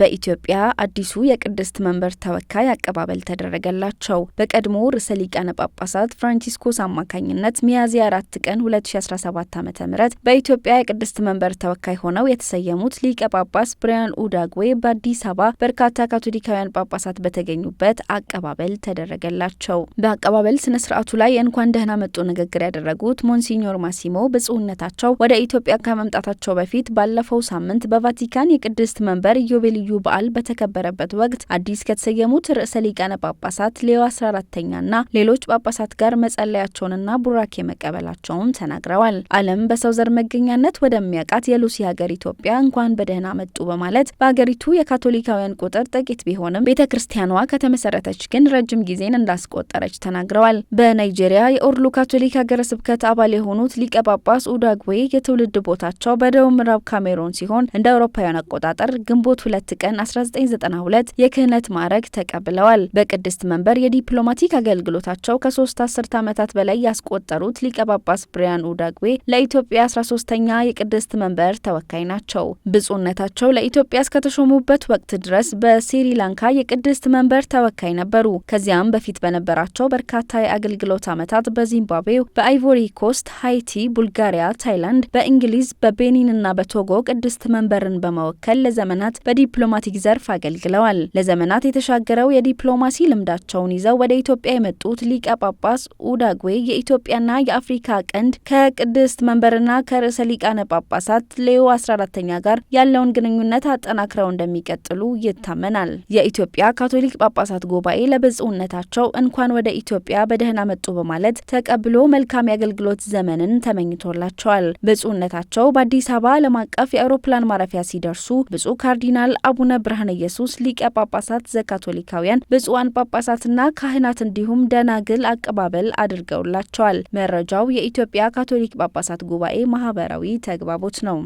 በኢትዮጵያ አዲሱ የቅድስት መንበር ተወካይ አቀባበል ተደረገላቸው። በቀድሞ ርዕሰ ሊቃነ ጳጳሳት ፍራንቺስኮስ አማካኝነት ሚያዝያ 4 ቀን 2017 ዓ ም በኢትዮጵያ የቅድስት መንበር ተወካይ ሆነው የተሰየሙት ሊቀ ጳጳስ ብሪያን ኡዳግዌ በአዲስ አበባ በርካታ ካቶሊካውያን ጳጳሳት በተገኙበት አቀባበል ተደረገላቸው። በአቀባበል ስነ ስርዓቱ ላይ እንኳን ደህና መጡ ንግግር ያደረጉት ሞንሲኞር ማሲሞ ብፁዕነታቸው ወደ ኢትዮጵያ ከመምጣታቸው በፊት ባለፈው ሳምንት በቫቲካን የቅድስት መንበር ኢዮቤልዩ ልዩ በዓል በተከበረበት ወቅት አዲስ ከተሰየሙት ርዕሰ ሊቃነ ጳጳሳት ሌዮ 14ተኛና ሌሎች ጳጳሳት ጋር መጸለያቸውንና ቡራኬ መቀበላቸውን ተናግረዋል። ዓለም በሰው ዘር መገኛነት ወደሚያውቃት የሉሲ ሀገር ኢትዮጵያ እንኳን በደህና መጡ በማለት በሀገሪቱ የካቶሊካውያን ቁጥር ጥቂት ቢሆንም ቤተ ክርስቲያኗ ከተመሰረተች ግን ረጅም ጊዜን እንዳስቆጠረች ተናግረዋል። በናይጄሪያ የኦርሎ ካቶሊክ ሀገረ ስብከት አባል የሆኑት ሊቀ ጳጳስ ኡዳግዌ የትውልድ ቦታቸው በደቡብ ምዕራብ ካሜሮን ሲሆን እንደ አውሮፓውያን አቆጣጠር ግንቦት ሁለት ቀን 1992 የክህነት ማዕረግ ተቀብለዋል። በቅድስት መንበር የዲፕሎማቲክ አገልግሎታቸው ከሶስት አስርት ዓመታት በላይ ያስቆጠሩት ሊቀ ጳጳስ ብሪያን ኡዳግዌ ለኢትዮጵያ 13ተኛ የቅድስት መንበር ተወካይ ናቸው። ብፁዕነታቸው ለኢትዮጵያ እስከተሾሙበት ወቅት ድረስ በስሪላንካ የቅድስት መንበር ተወካይ ነበሩ። ከዚያም በፊት በነበራቸው በርካታ የአገልግሎት ዓመታት በዚምባብዌ፣ በአይቮሪ ኮስት፣ ሃይቲ፣ ቡልጋሪያ፣ ታይላንድ፣ በእንግሊዝ፣ በቤኒን እና በቶጎ ቅድስት መንበርን በመወከል ለዘመናት በዲ በዲፕሎማቲክ ዘርፍ አገልግለዋል። ለዘመናት የተሻገረው የዲፕሎማሲ ልምዳቸውን ይዘው ወደ ኢትዮጵያ የመጡት ሊቀ ጳጳስ ኡዳጉዌ የኢትዮጵያና የአፍሪካ ቀንድ ከቅድስት መንበርና ከርዕሰ ሊቃነ ጳጳሳት ሌዮ 14ተኛ ጋር ያለውን ግንኙነት አጠናክረው እንደሚቀጥሉ ይታመናል። የኢትዮጵያ ካቶሊክ ጳጳሳት ጉባኤ ለብፁዕነታቸው እንኳን ወደ ኢትዮጵያ በደህና መጡ በማለት ተቀብሎ መልካም የአገልግሎት ዘመንን ተመኝቶላቸዋል። ብፁዕነታቸው በአዲስ አበባ ዓለም አቀፍ የአውሮፕላን ማረፊያ ሲደርሱ ብፁዕ ካርዲናል አቡነ ብርሃነ ኢየሱስ ሊቀ ጳጳሳት ዘካቶሊካውያን ብፁዓን ጳጳሳትና ካህናት እንዲሁም ደናግል አቀባበል አድርገውላቸዋል። መረጃው የኢትዮጵያ ካቶሊክ ጳጳሳት ጉባኤ ማህበራዊ ተግባቦት ነው።